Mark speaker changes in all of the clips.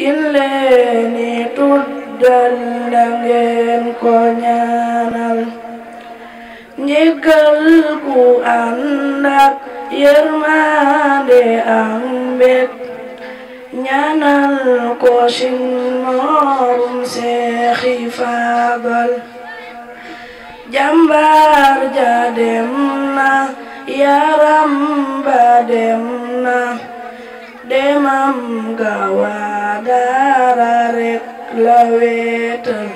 Speaker 1: killeeni tuddal na ko ñaanal njëgal ku ànd ak yërmande ñaanal ko sin seexi faabal jàmbaar ja dem na yaram ba dem na mam nga waa daara rek la weetal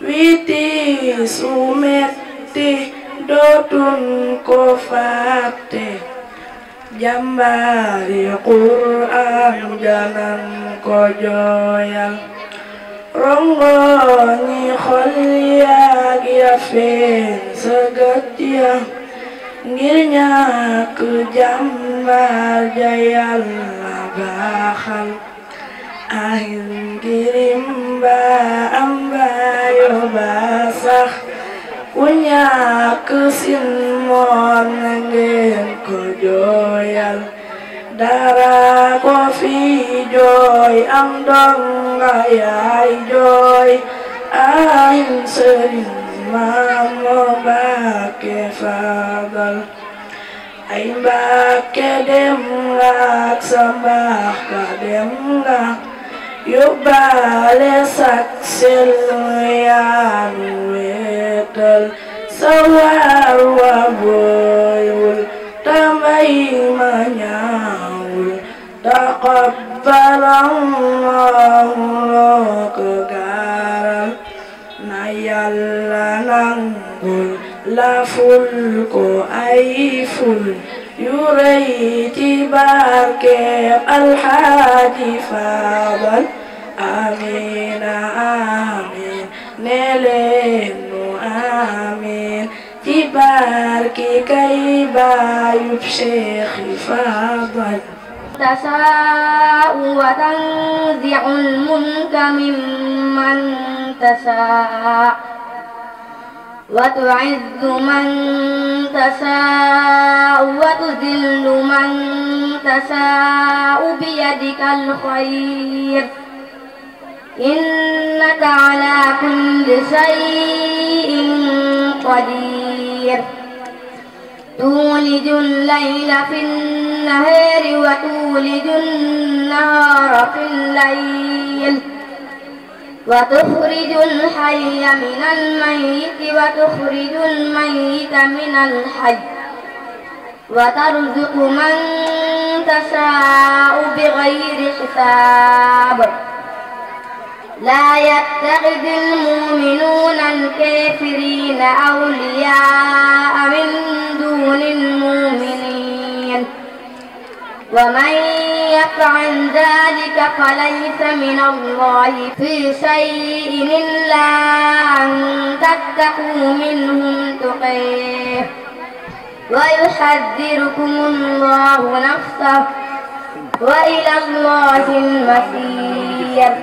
Speaker 1: witi su metti ko fàtte jàmbaari qur'an janan ko jooyal rongoñi xol yaag ya ngir ñàkk jàmbaar ja yàlla baaxal ahil ngirim ba am bayo ba sax ku ñàkk sin moon ko jooyal dara ko jooy am donga yaay jooy ahil sëriñ maam moo Mbàkke Faadal ay Mbàkke dem nga ak sa mbaax ba dem nga yóbbaale sak sel yaan weetal sa waar wa booyul tambay ma ñaawul taqabbal Allahu yàlla nangul la ful ay ful yu rëy ci barkeem alxaaji faabal amiina amiin ne leen nu amiin ci barki kay baayub Cheikh faabal تشاء وتنزع
Speaker 2: وتعز من تشاء وتذل من تشاء بيدك الخير إنك على كل شيء قدير تولج الليل في النهار وتولج النهار في الليل وتخرج الحي من الميت وتخرج الميت من الحي وترزق من تشاء بغير حساب لا يتخذ المؤمنون الكافرين أولياء من دون المؤمنين ومن يتولك عن ذلك فليس من الله في شيء إلا أن تتقوا منهم تقيه ويحذركم الله نفسه وإلى الله المسير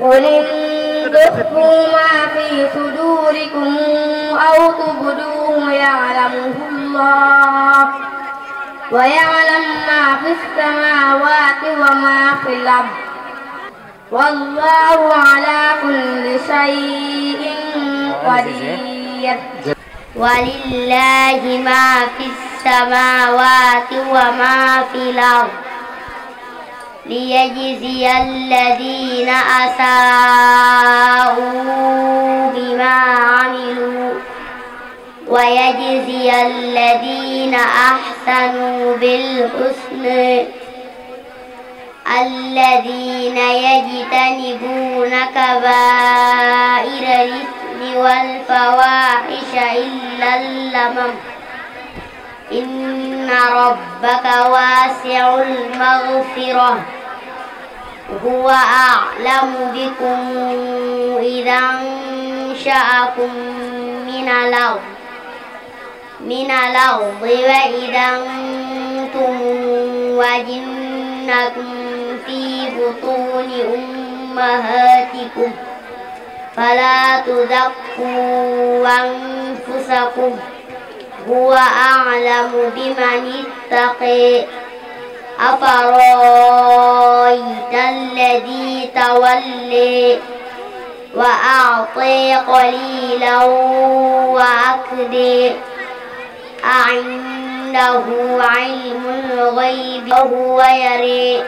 Speaker 2: قل إن تخفوا ما في صدوركم أو تبدوه يعلمه الله ويعلم ما في السماوات وما في الأرض
Speaker 3: والله على كل شيء قدير ولله ما في السماوات وما في الأرض ليجزي الذين أساءوا بما عملوا ويجزي الذين أحسنوا بالحسن الذين يجتنبون كبائر الإثم والفواحش إلا اللمم إن ربك واسع المغفرة هو أعلم بكم إذا أنشأكم من الأرض
Speaker 4: من الأرض وإذا
Speaker 3: أنتم وجنكم في بطون أمهاتكم فلا تزكوا أنفسكم هو أعلم بمن اتقي أفرأيت الذي تولي وأعطي قليلا وأكدي أعنده علم الغيب وهو يري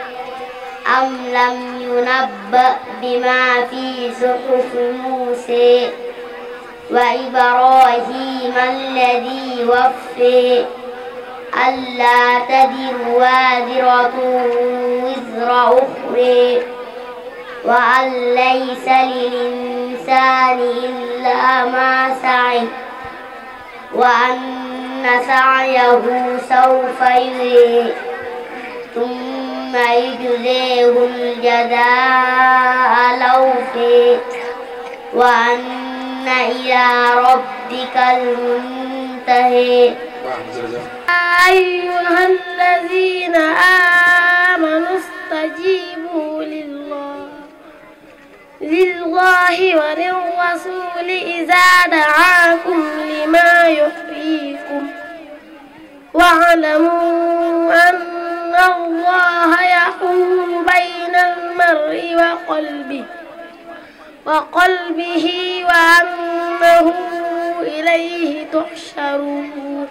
Speaker 3: أم لم ينبأ بما في صحف موسى وإبراهيم الذي وفي ألا تذر وازرة وزر أخرى وأن ليس للإنسان إلا ما سعي وأن وأن سعيه سوف يري ثم يجزيه الجزاء الأوفي وأن إلى
Speaker 5: ربك المنتهي أيها الذين آمنوا استجيبوا لي لله وللرسول إذا دعاكم لما يحييكم واعلموا أن الله يحول بين المرء وقلبه وقلبه وأنه إليه تحشرون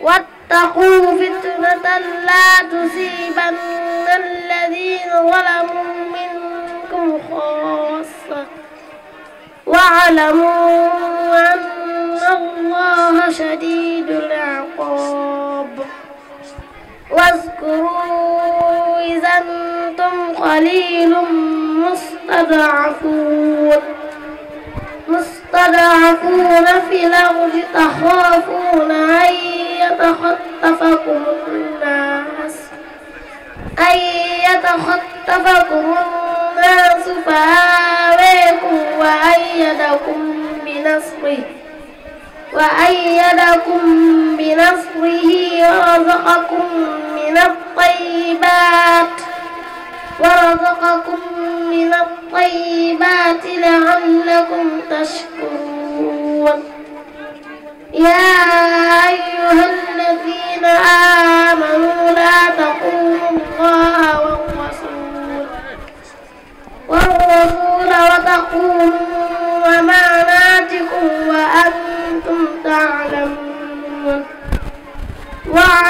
Speaker 5: واتقوا فتنة لا تصيبن الذين ظلموا خاصة واعلموا أن الله شديد العقاب واذكروا إذا أنتم قليل مستضعفون مستضعفون في الأرض تخافون أن يتخطفكم الناس أن يتخطفكم الناس الله سفهاء عليكم وأيدكم بنصره وأيدكم بنصره ورزقكم من الطيبات ورزقكم من الطيبات لعلكم تشكرون يا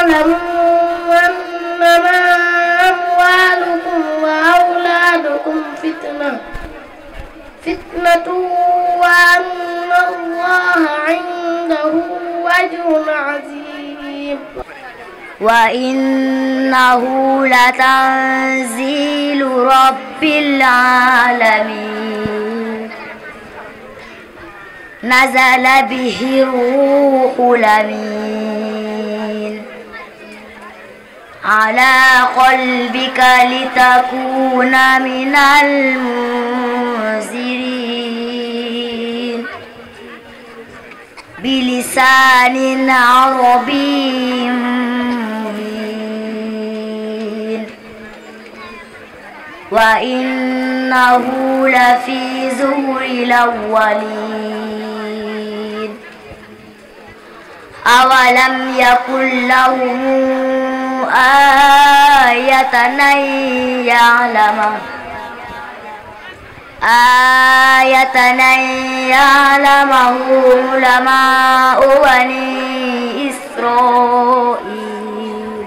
Speaker 5: واعلموا أنما أموالكم وأولادكم فتنة فتنة وأن الله عنده أجر عظيم
Speaker 3: وإنه لتنزيل رب العالمين نزل به الروح الأمين على قلبك لتكون من المنذرين بلسان عربي مبين وإنه لفي زهر الأولين أولم يكن لهم آية أن يعلمه آية أن يعلمه علماء بني إسرائيل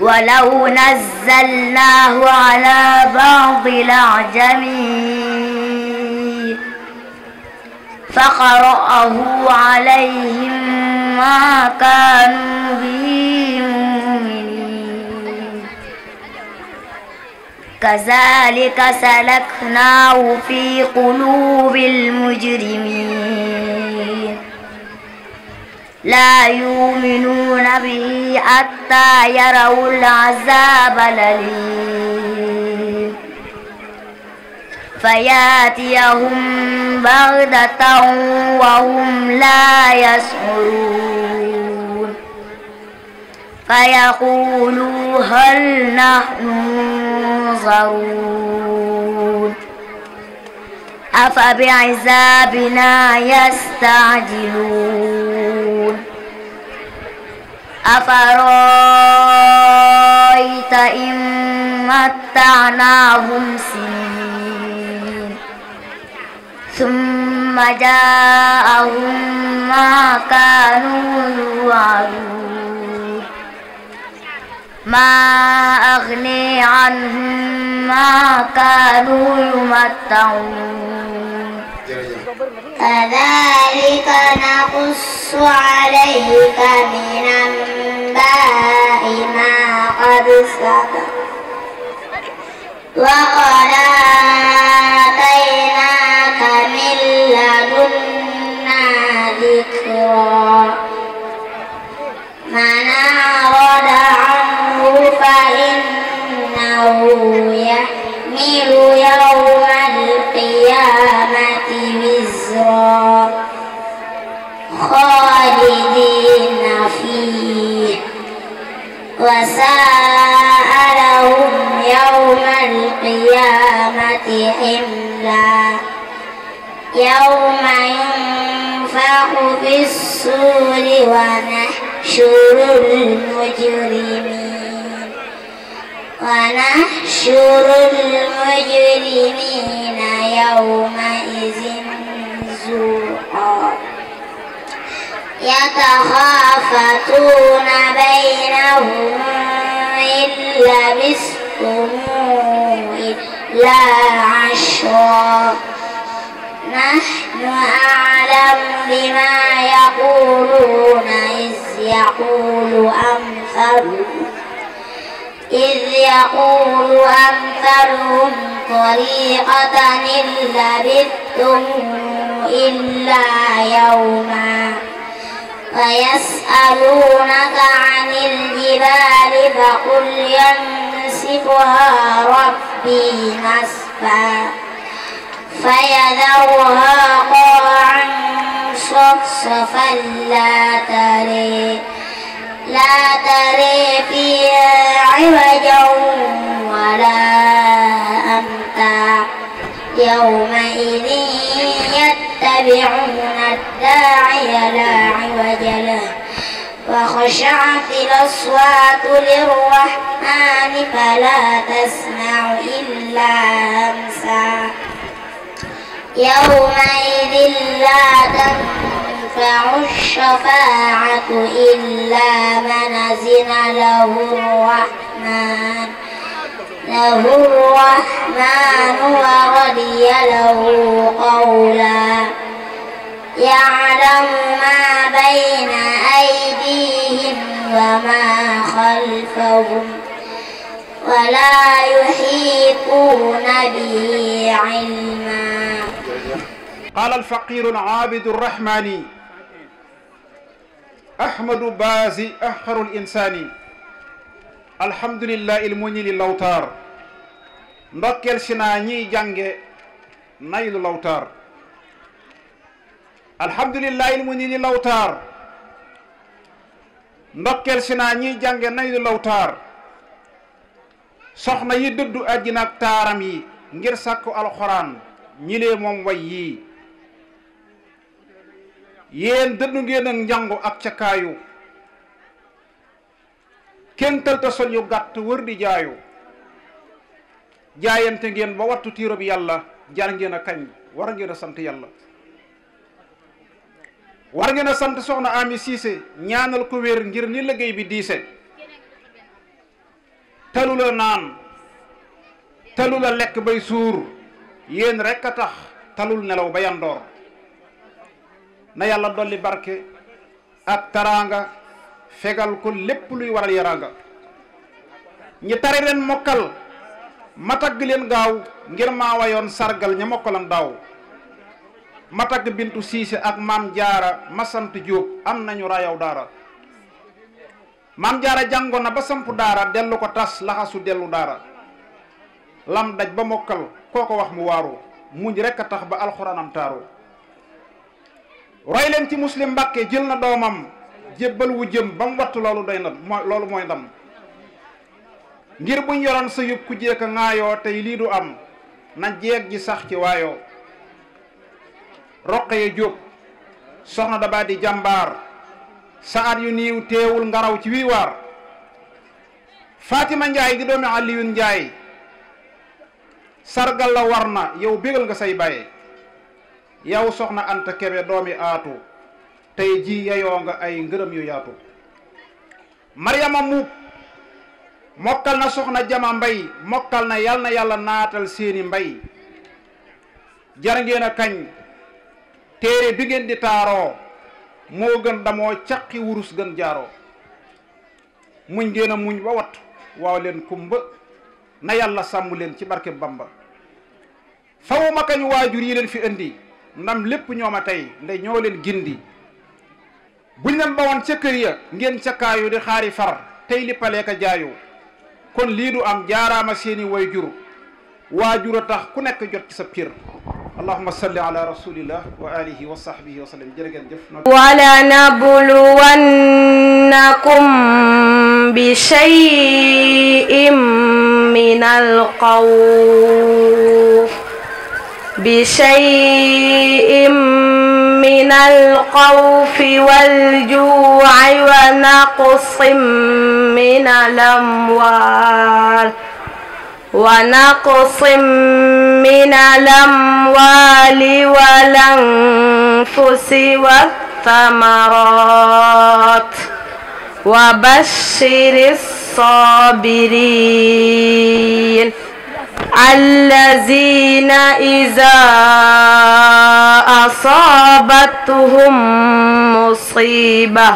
Speaker 3: ولو نزلناه على بعض الأعجمين فقرأه عليهم ما كانوا به مؤمنين كذلك سلكناه في قلوب المجرمين لا يؤمنون به حتى يروا العذاب الأليم فياتيهم بغتة وهم لا يشعرون فيقولوا هل نحن منظرون أفبعذابنا يستعجلون أفرأيت إن متعناهم سنين ثم جاءهم ما كانوا يوعدون ما أغني عنهم ما كانوا يمتعون كذلك نقص عليك من أنباء ما قد سبق وقد آتينا القيامة حملا يوم ينفخ في الصور ونحشر المجرمين ونحشر المجرمين يومئذ زرقا يتخافتون بينهم إن لبثتموا إلا عشرا نحن أعلم بما يقولون إذ يقول أمثلهم إذ يقول أمثلهم طريقة إن لبثتم إلا يوما ويسألونك عن الجبال فقل ينبغي يصرفها ربي نسفا
Speaker 4: فيذرها قاعا
Speaker 3: صفصفا لا تري لا تري فيها عوجا ولا أمتا يومئذ يتبعون الداعي لا عوج له وخشعت الأصوات للرحمن فلا تسمع إلا همسا يومئذ لا تنفع الشفاعة إلا من أذن له الرحمن له الرحمن ورضي له قولا
Speaker 4: يعلم
Speaker 3: ما بين أيديهم وما خلفهم ولا يحيطون به علما
Speaker 6: قال الفقير العابد الرحمن أحمد بازي أحر الإنسان الحمد لله المني للأوتار ndokkeel si naa ñiy jànge naylu lawtaar alhamdulillahi li mu ni ni lawtaar ndokkeel si naa ñiy jànge nay du lawtaar soxna yi dëddu àddina ak taaram yi ngir sàkku alxuraan ñilee moom way yii yéen dëddu ngeen ak njàngu ak cakaayu kenn tëlta sol gàtt wër di jaayu jaayante ngeen ba wattu tiiro yàlla jar ngeen a kañ war ngeen a sant yàlla war ngeen a sant soxna Ami ñaanal ko wér ngir ni liggéey bi diise talu la naan talu la lekk bay suur yéen rekk a tax talul nelaw ba yandoor na yàlla dolli barke ak taraanga fegal ko lépp luy waral yaraanga ñi tari leen mokkal ma tagg leen gaaw ngir maa sargal ña mokkalan daaw ma tagg bintu siise ak maam jaara ma sant jóob am nañu rayaw daara maam jaara jàngoon na ba samp daara dellu ko tas laxasu dellu daara lam daj ba mokkal koo ko wax mu waaru muñ rekk a tax ba alxuraanam taaru roy leen ci muslim mbàkke jël na doomam jébbal wu jëm ba mu loolu day na mooy loolu mooy ndam ngir buñ yoroon sa yóbbu ku jéeg a ŋaayoo tey lii du am na jeeg ji sax ci waayoo Roqaya Jóob soxna daba di jàmbaar saat yu niiw teewul ngaraw ci wii waar Fatima Njaay di doomi Aliyun Njaay sargal la war na yow bégal nga say baye yow soxna ant Kebe doomi aatu tey ji yayoo nga ay ngërëm yu yaatu Maryama Muub mokkal na soxna Jama Mbay mokkal na yal na yàlla naatal seeni mbay jar a kañ téere bi ngeen di taaroo moo gën damoo caqi wurus gën jaaroo muñ ngeen a muñ ba wattu waaw leen kumba na yàlla sàmm leen ci barke Bamba faw ma kañ waajur yi leen fi indi ndam lépp ñoo ma tey nde ñoo leen gindi buñ leen bawoon ca kër ya ngeen ca kaayu di xaari far tey li jaayoo kon lii du am jaaraama seeni way jur waajur a tax ku nekk jot ci sa piir اللهم صل على رسول الله وآله
Speaker 4: وصحبه وسلم جرجن جف ولنبلونكم بشيء من الخوف بشيء من الخوف والجوع ونقص من الأموال ونقص من الأموال والأنفس والثمرات وبشر الصابرين الذين إذا أصابتهم مصيبة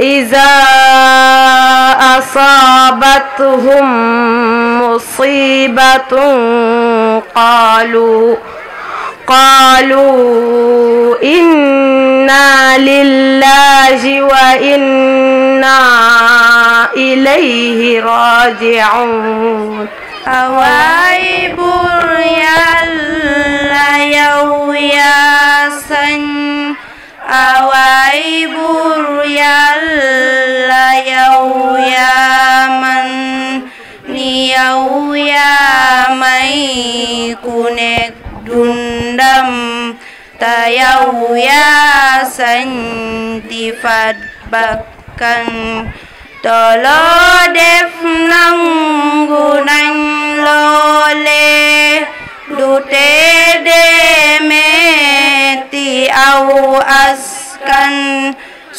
Speaker 4: إذا أصابتهم مصيبة قالوا قالوا إنا لله وإنا إليه راجعون
Speaker 7: أواي بريا ليو يا سن أواي بريا ليو يا من yow yaa may ku dundam te yow yaa sañ fat bakkan toloo def nangu nañ loole du tee dee metti aw askan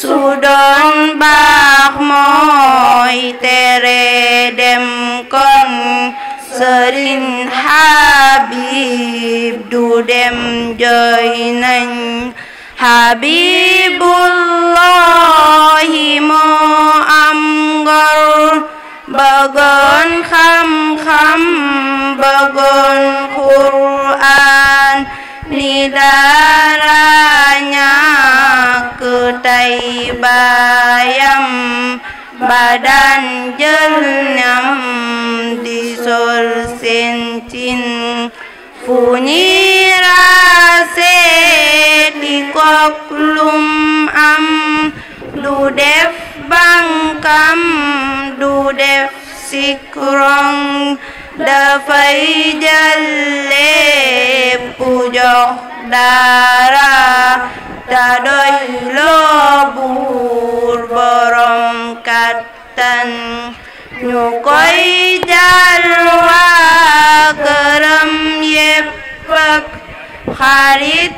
Speaker 7: su doon baax mooy tere dem kon sëriñ Habib du dem jooy nañ Habibullahi moo am ngor bëggoon xam-xam bëggoon Qur'an ni dara ñaan tey baayam ba jël ñam di sol seen cin fu ñuy raase di kook lum am du def bankam du def sikrong dafay jël lépp jox dara ta doy loo buur borom kattan ñu koy jal waa këram yépp ak xarit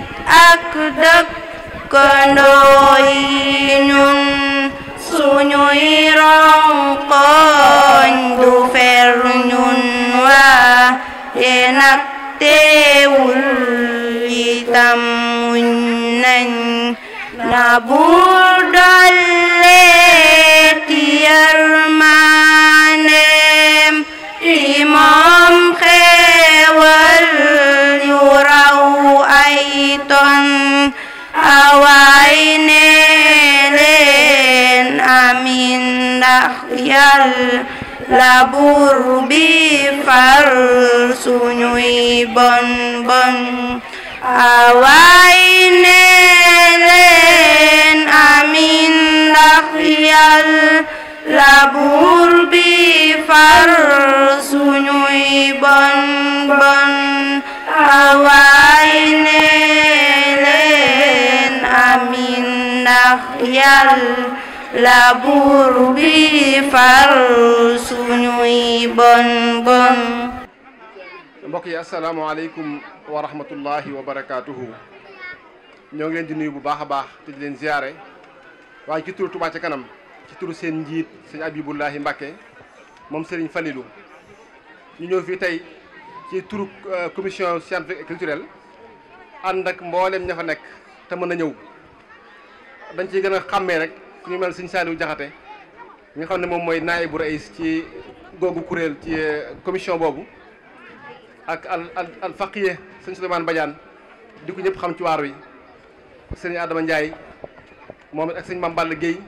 Speaker 7: ak dëkkandoo yi ñun suñuy ronkoñ du fer ñun waa te nag teewul itam muñ nañ na buur dolleeti yërmaaneem ci moom xeewal yu raw ay ton awaay nee leen من نحيل la buur far suñuy bon bon awaay ne amin ndax yal la bi far suñuy bon bon
Speaker 8: mbokk yi asalaamaaleykum wa rahmatullahi wa barakaatuhu ñoo ngi leen di nuyu bu baax a baax te di leen ziyaare waaye ci turu Touba ca kanam ci turu seen njiit sëñ Abibullahi Mbàkke moom Serigne Falilou ñu ñëw fii tey ci turu euh, commission scientifique culturel culturelle ak mboolem ña fa nekk te mën a ñëw dañ ciy gën a xàmmee rek ku ñu mel sëñ Saliou Diakhaté mi nga xam ne moom mooy naay bu raïs ci googu kuréel ci euh, commission boobu ak al al al faqiye sëñ Souleymane Badiane di ko ñëpp xam ci waar wi sëñ Adama Ndiaye moom it ak sëñ Mame Balla Guèye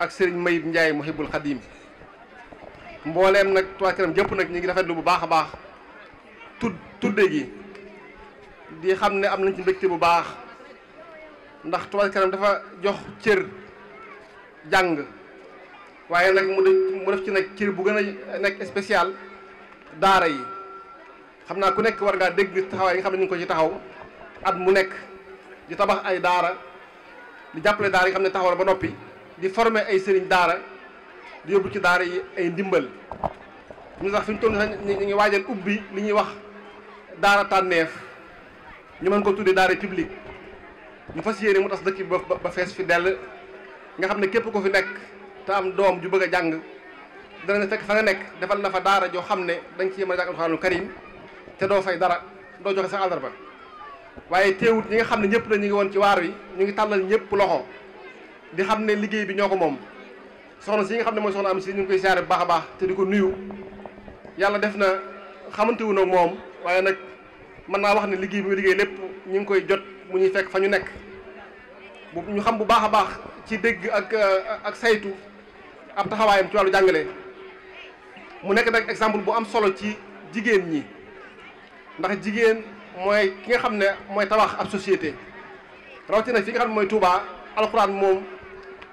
Speaker 8: ak sëriñ Mayib Ndiaye Muhibbul Xadim mbooleem nag Touba Ça Kanam jëpp nag ñu ngi rafetlu bu baax a baax tud tudde gi di xam ne am nañ ci mbégte bu baax ndax Touba dafa jox cër jàng waaye nag mu mu def ci nag ci bu gën a nekk spécial daara yi xam naa ku nekk war ngaa dégg taxawaay yi nga xam ne ñu ko ci taxaw at mu nekk di tabax ay daara di jàppale daara yi nga xam ne taxaw ba noppi di forme ay sëriñ daara di yóbbu ci daara yi ay ndimbal mu sax fi ñu toll ñu ngi waajal ubbi li ñuy wax daara tànneef ñu mën ko tuddee daara publique ñu fas yéene mu tas dëkk ba ba fees fi dell nga xam ne képp ku fi nekk te am doom ju bëgg a jàng dana fekk fa nga nekk defal na fa daara joo xam ne dañ ci ciy mën a jàng alxuraanul karim te doo fay dara doo joxe sa àllarba waaye teewut ñi nga xam ne ñëpp la ñu ngi woon ci waar wi ñu ngi tàllal ñëpp loxo di xam ne liggéey bi ñoo ko moom soxna si nga xam ne mooy soxna am si ñu ngi koy siyaare bu baax a baax te di ko nuyu yàlla def na xamante wu moom waaye nag mën naa wax ne liggéey bi mu liggéey lépp ñu ngi koy jot mu ñuy fekk fa ñu nekk bu xam bu baax a baax ci dégg ak euh, ak saytu ab taxawaayam ci wàllu jàngale mu nekk nag exemple bu am solo ci jigéen ñi ndax jigéen mooy ki nga xam ne mooy tabax ab societé rawatina fi nga xam ne mooy Touba alxuraan moom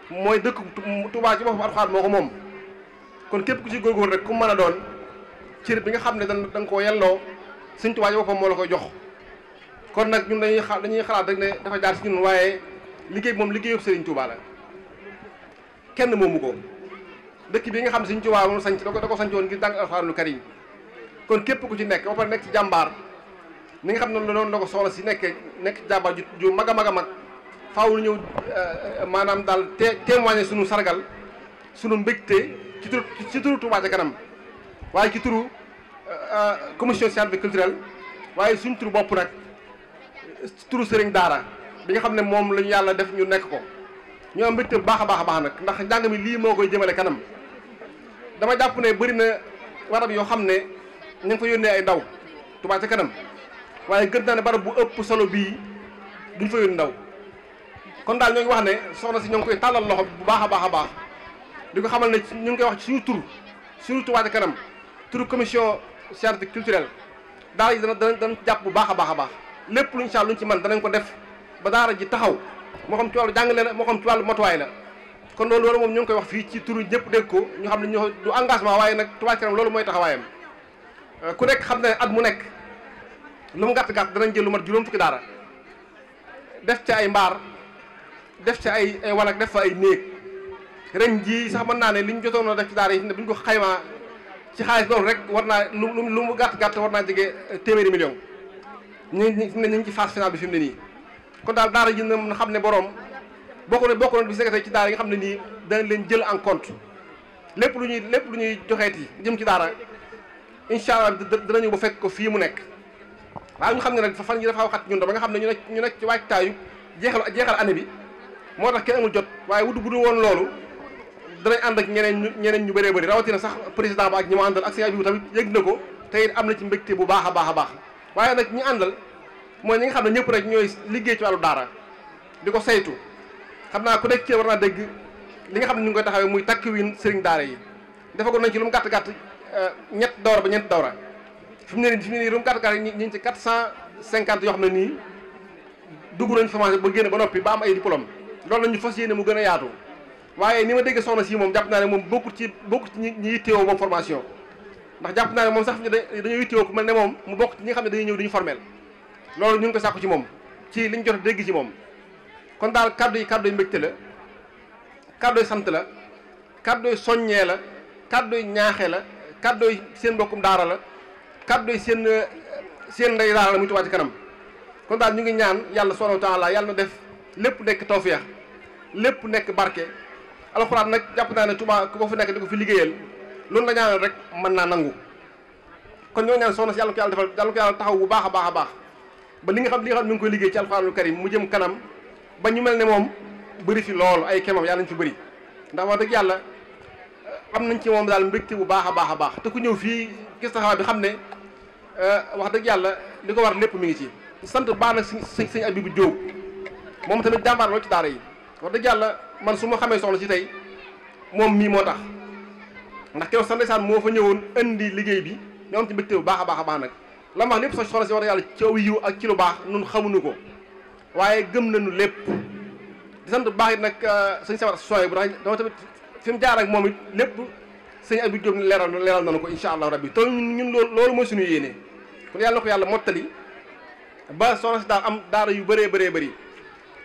Speaker 8: mooy dëkk Touba ci boppam alxuraan moo ko moom kon képp ku ci góorgóor rek ku mën a doon cër bi nga xam ne da nga koo yelloo sëñ Touba ci boppam moo la ko jox kon nag ñun dañuy dañuy xalaat rek ne dafa jaar si ñun waaye liggéey moom liggéeyu Serigne Touba kenn moom moomu ko dëkk bi nga xam Serigne Touba moom sanc da ko da ko sancoon ngir jàng alxuraanul karim kon képp ku ci nekk ba pare nekk ci jàmbaar ni nga xam ne noonu na ko soxla si nekk nekk ci jàmbaar ju mag a mag a mag faaw ñëw euh, euh, maanaam daal te témoigner sunu sargal sunu mbégte ci turu ci kanam waaye ci turu euh, commission scientifique culturelle waaye suñ turu bopp nag turu Serigne Daara. bi nga xam ne moom lañu yàlla def ñu nekk ko ñoo am mbégte baax a baax a baax nag ndax njàng mi lii moo koy jëmale kanam dama jàpp ne bëri na warab yoo xam ne ñu ngi fa yónnee ay ndaw Touba ca kanam waaye gën naa ne barab bu ëpp solo bii duñ fa yónni ndaw kon daal ñoo wax ne soxna si ñoo ngi koy tàllal loxo bu baax a baax a baax di ko xamal ne ñu ngi koy wax ci suñu tur suñu Touba ca kanam turu commission charité culturelle daal yi dana dana dana jàpp bu baax a baax a baax lépp luñu saa luñ ci man danañ ko def ba daara ji taxaw moo xam ci wàllu jàngale la moo xam ci wàllu matuwaay la kon loolu loolu moom ñu ngi koy wax fii ci turu ñëpp dégg ko ñu xam ne ñu du engagement waaye nag Touba Ca mooy taxawaayam euh, ku nekk xam ne at mu nekk lu mu gàtt gàtt danañ jël lu mat juróom fukki daara def ci ay mbaar def ci ay ay wanag def fa ay néeg ren jii sax mën naa ne li ñu jotoon a def ci daara yi ne bu ñu ko xaymaa ci xaalis loolu rek war naa lu lu mu gàtt gàtt war naa jege euh, téeméeri million ñu ne ñu ngi ci phase finale bi fi ne nii. kon daal daara ji na xam ne borom bokk na bokk na bi secrétaire ci daara yi nga xam ne nii danañ leen jël en compte lépp lu ñuy lépp lu ñuy joxeeti jëm ci daara incha allah danañu ba fekk ko fii mu nekk waaw ñu xam ne nag fan yi dafa waxat ñun ba nga xam ne ñu nekk ñu nekk ci waajtaayu jeexal jeexal année bi moo tax kenn amul jot waaye wutu bu du woon loolu danañ ànd ak ñeneen ñu ñeneen ñu bëree bëri rawatina sax président ba ak ñi ma àndal ak seen bi tamit yëg na ko te it am na ci mbégte bu baax a baax a baax waaye nag ñi àndal mooy ñi nga xam ne ñëpp rek ñooy liggéey ci wàllu daara di ko saytu xam naa ko nekk ci war naa dégg li nga xam ne ñu ngi koy taxawee muy takk takkwin sëriñ daara yi dafa ko ci lu mu gàtt gàtt euh, ñett dawra ba ne nii fi mu ne ñu ngi ci quatre cent cinquante yoo xam ne nii dugg nañ formation ba génn ba noppi am ay diplôme loolu la ñu fas mu gën a yaatu waaye ni ma dégg soxna si moom jàpp naa ne moom bokkut ci bokkut ci ñi yittewoo moom formation ndax jàpp naa ne moom sax dañoo yittewoo ku mel ne moom mu bokk ci xam ne dañuy ñëw di formel loolu ñu ngi ko sàkku ci moom ci liñ jot dégg ci moom kon daal kàddu yi kàddu yi mbégte la kàddu yi sant la kàddu yi soññee la kàddu yi ñaaxee la kàddu yi seen mbokkum daara la kàddu yi seen seen ndey daara la muy Touba ci kanam kon daal ñu ngi ñaan yàlla subhanahu wa taala yàlla na def lépp nekk tawféex lépp nekk barke alxuraan nag jàpp naa ne Touba ku ko fi nekk di ko fi liggéeyal loolu la ñaanal rek mën naa nangu kon ñoo ñaan soxna si yàlla ko ko yàlla taxaw bu baax a baax a ba li nga xam li nga xam mi ngi koy liggéey ci alxuraanul karim mu jëm kanam ba ñu mel ne moom bëri fi lool ay kemam yàlla nañ fi bëri ndax wax dëgg yàlla am nañ ci moom daal mbégte bu baax a baax a baax te ku ñëw fii gis taxawaay xam ne euh, wax dëgg yàlla li ko war lépp mi ngi ci sant baax nag sëñ sëñ Abibu Jóob moom tamit jàmbaar lool ci daara yi wax dëgg yàlla man su ma xamee soxla si tey moom mii moo tax ndax keroog sax ndeysaan moo fa ñëwoon indi liggéey bi ñoo am ci bu baax a baax a baax nag la ma wax lépp soxna si wax dëgg yàlla ci aw yiw ak ci lu baax nun xamuñu ko waaye gëm nañu lépp di sant bu baax it nag euh, sëñ sabar sooy bu ndax dama tamit fi mu jaar ak moom it lépp sëñ Abdou Diop leeral leeral nañu ko incha allah rabbi te ñun loolu loolu mooy suñu yéene kon yàlla na ko yàlla mottali ba soxna si daal am daara yu bëree bëree bëri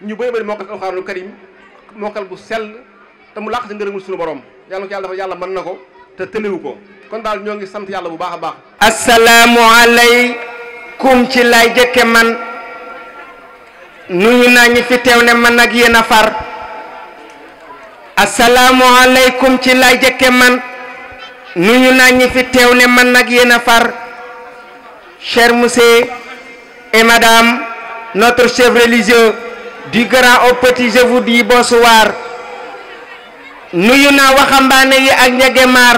Speaker 8: ñu bëree bëri mokkal alxuraanul karim mokkal bu sell te mu làq si ngërëmul suñu borom yàlla na ko yàlla dafa na ko te tëliwu ko kon daal ñoo ngi sant yàlla bu baax a baax
Speaker 9: asalaamualeykum ci lay jëkke man nuyu naa ñi fi teew ne man ak yéen a far asalaamualeykum ci lay jëkke man nuyu naa ñi fi teew ne man ak yéen a far cher monsieur et madame notre chef religieux du grand au je vous dis nuyu naa waxambaane yi ak njegemaar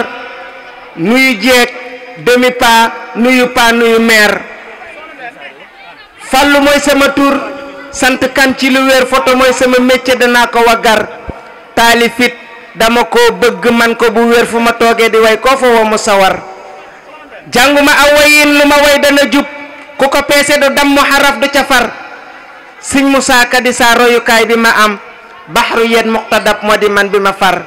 Speaker 9: nuyu jeeg demi pas nuyu pas nuyu meer fàllu mooy sama tur sant kan ci lu wér photo mooy sama métier danaa ko waggar taalifit dama ko bëgg man ko bu wér fu ma toogee di way koo foofa mu sawar jànguma aw wayin lu ma way dana jub ku ko peese du dam mu du ca far siñ mu saaka di saa royukaay bi ma am baxru yéen muqtadab moo di man bi ma far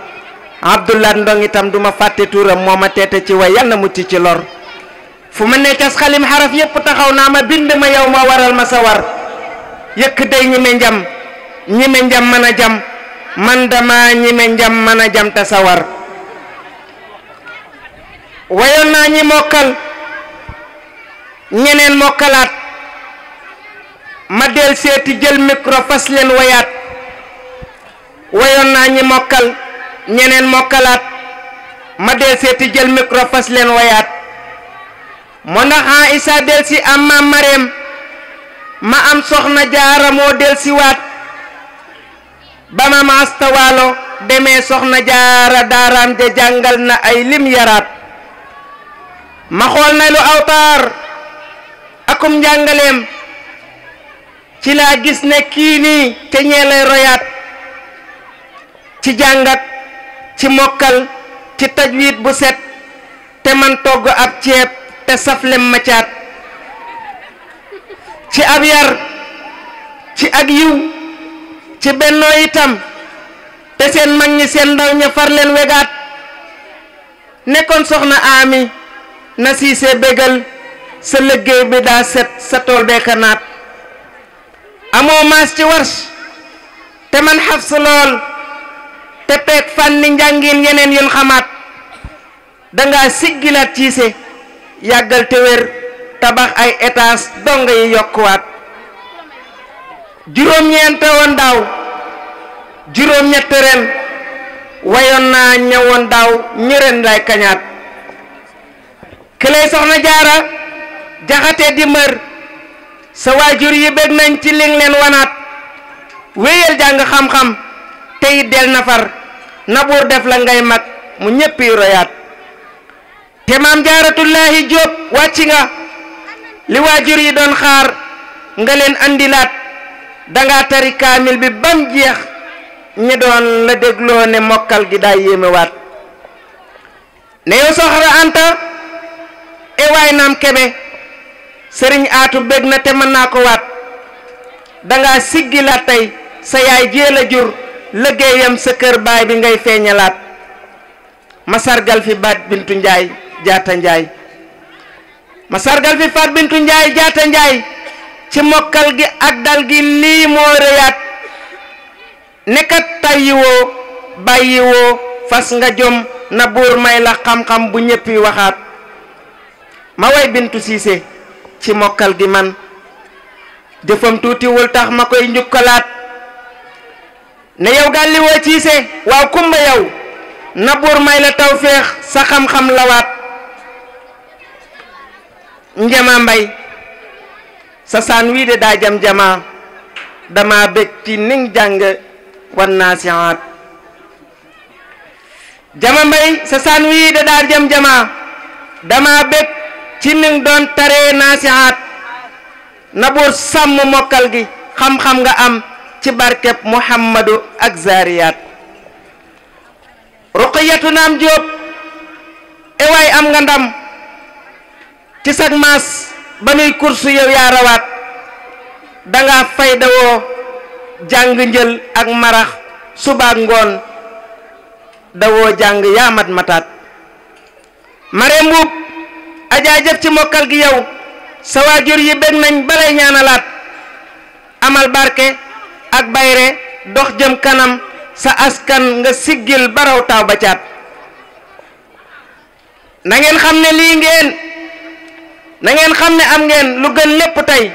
Speaker 9: abdullah ndong itam du ma fàtte tuuram moo ma teete ci way yal na mucc ci lor fu ma ne cas xalim xaraf yépp taxaw naa ma bind ma yow moo waral ma sawar yëkk day ñi njam ñi njam mën a jam man dama ñi njam mën a jam te sawar wayoon naa ñi mokkal ñeneen mokkalaat ma del seeti jël micro fas leen wayaat wayoon naa ñi mokkal ñeneen mokkalaat ma del seeti jël micro fas leen wayaat mu ndax a isa del si am maam ma am soxna jaara moo del si waat ba ma maastawaalo demee soxna jaara daaraam ja jàngal na ay lim yaraat ma xool na lu awtaar akum njàngaleem ci laa gis ne kii nii te ñee lay royaat ci jàngat ci mokkal ci tajwid bu set te man togg ab ceeb te saf lem ci ab yar ci ak yiw ci bennoo itam te seen mag ñi seen ndaw ña far leen wegaat nekkoon soxna Ami na siisee bégal sa liggéey bi daa set sa tool beeka naat amoo maas ci warsh te man xaf sa lool te peeg fànni njàngin yeneen yun xamaat danga siggilaat ciise yàggal te tabax ay étage dong yi yokkuwaat juróom-ñeente daaw juróom-ñett ren wayoon naa ñëwoon daaw ñi ren lay kañaat kilay soxna jaara jaxate di sa waajur yi bëgg nañ ci li nga leen wanaat wéyal jàng xam-xam tey del nafar na buur def la ngay mag mu ñéppi royaat te maam jaaratullaahi jóob wàcc nga li waajur yi doon xaar nga leen andilaat danga tari kaamil bi bam jeex ñi doon la dégloo ne mokkal gi daay yéemewaat ne yow soxra anta e kebe sëriñ aatu bég na te mën naa ko waat danga siggilaat tey sa yaay jéel jur liggéeyam sa kër baay bi ngay feeñalaat ma sargal fi baat bintu njaay jaata njaay ma sargal fi faat bintu njaay jaata njaay ci mokkal gi ak dal gi lii moo rëyaat nekkat tàyyiwoo bàyyiwoo fas nga jom na buur may la xam-xam bu ñëpp waxaat ma way bintu siise ci mokkal gi man jëfam tuutiwul tax ma koy njukkalaat ne yow gàlli woo ciise waaw kumba yow na buur may la tawféex sa xam-xam lawaat njama mbay sa saan wii de daa jam-jamaa dama bég ci ning jama mbay sa saan wii de jam dama ci ning doon taree naa na buur sàmm mokkal gi xam-xam nga am ci barkeb muhammadu ak zaariyaat ruqiyatu naam jóob ewaay am nga ndam ci sag maas ba nuy kursu yow yaa rawaat danga faydawoo jàng njël ak marax subaak ngoon dawoo jàng yaa mat mataat mare mbuub ajaajëf ci mokkal gi yow sa yi bég nañ balay ñaanalaat amal barke ak bayre dox jëm kanam sa askan nga siggil baraw taaw ba caat nangeen xam ne lii ngeen na xam ne am ngeen lu gën lépp tey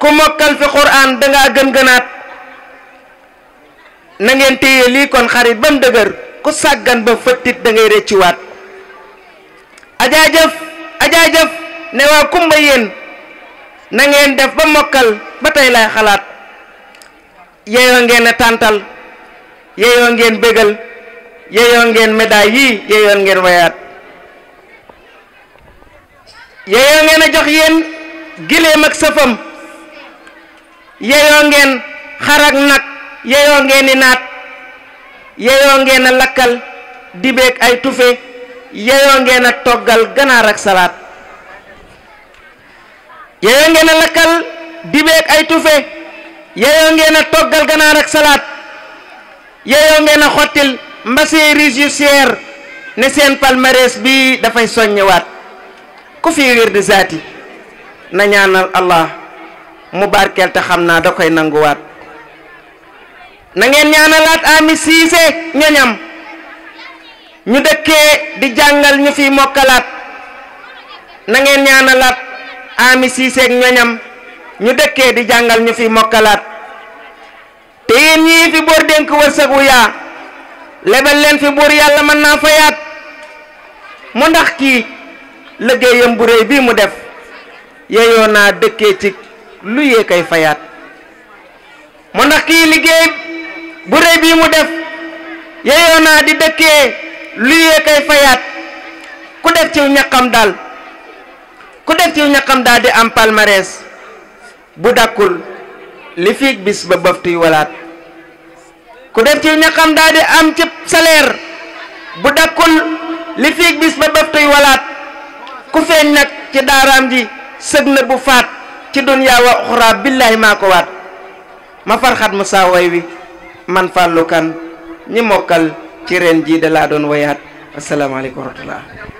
Speaker 9: ku mokkal fi quraan danga gën gënaat na ngeen téye lii kon xarit ba mu dëgër ku sàggan ba fëttit da ngay rëcciwaat ajaajëf ajaajëf ne waa kumba yéen na ngeen def ba mokkal ba tey lay xalaat yeyoo ngeen a tàntal yeyoo ngeen bégal yeyoo ngeen médaille yii yeyoo ngeen wayaat yeyoo ngeen a jox yéen giléem ak sëfam yeyoo ngeen xar ak nag yeyoo ngeen i naat yeyoo ngeen a lakkal dibeeg ay tufe yeyoo ngeen a toggal ganaar ak salaat yeyoo ngeen lakkal dibeeg ay tufe yeyoo ngeen a toggal ganaar ak salaat yeyoo ngeen a xottil mbasee régisière ne seen palmarès bi dafay soññewaat ku fi wér di zaati na ñaanal allah mu te xam naa da koy nanguwaat na ñaanalaat ami siise ñoñam ñu dëkkee di jàngal ñu fi mokkalaat na ngeen ñaanalaat ami siise ak ñoñam ñu dëkkee di jàngal ñu fi mokkalaat te yéen ñii fi bor dénk wërsëg wu yaa lebel leen fi buur yàlla mën naa fayaat mu ndax kii liggéeyam bu réy bii mu def yeyoo naa dëkkee ci lu yee koy fayaat mu ndax kii liggéey bu réy bii mu def yeyoo naa di dëkkee lu yee koy fayaat ku def ciw ñaqam daal ku def ciw ñaqam daal di am palmarès bu dakkul li fiig bis ba baftuy walaat ku def ci ñaxam daal di am ci salaire bu dakkul li fiig bis ba baftuy walaat ku feeñ nag ci daaraam ji sëg na bu faat ci dunyaa wa uxraa billaahi maa ko waat ma farxat mu saa wi man fàllu ñi mokkal ci ren jii da doon wayaat asalaamaaleykum wa rahmatullah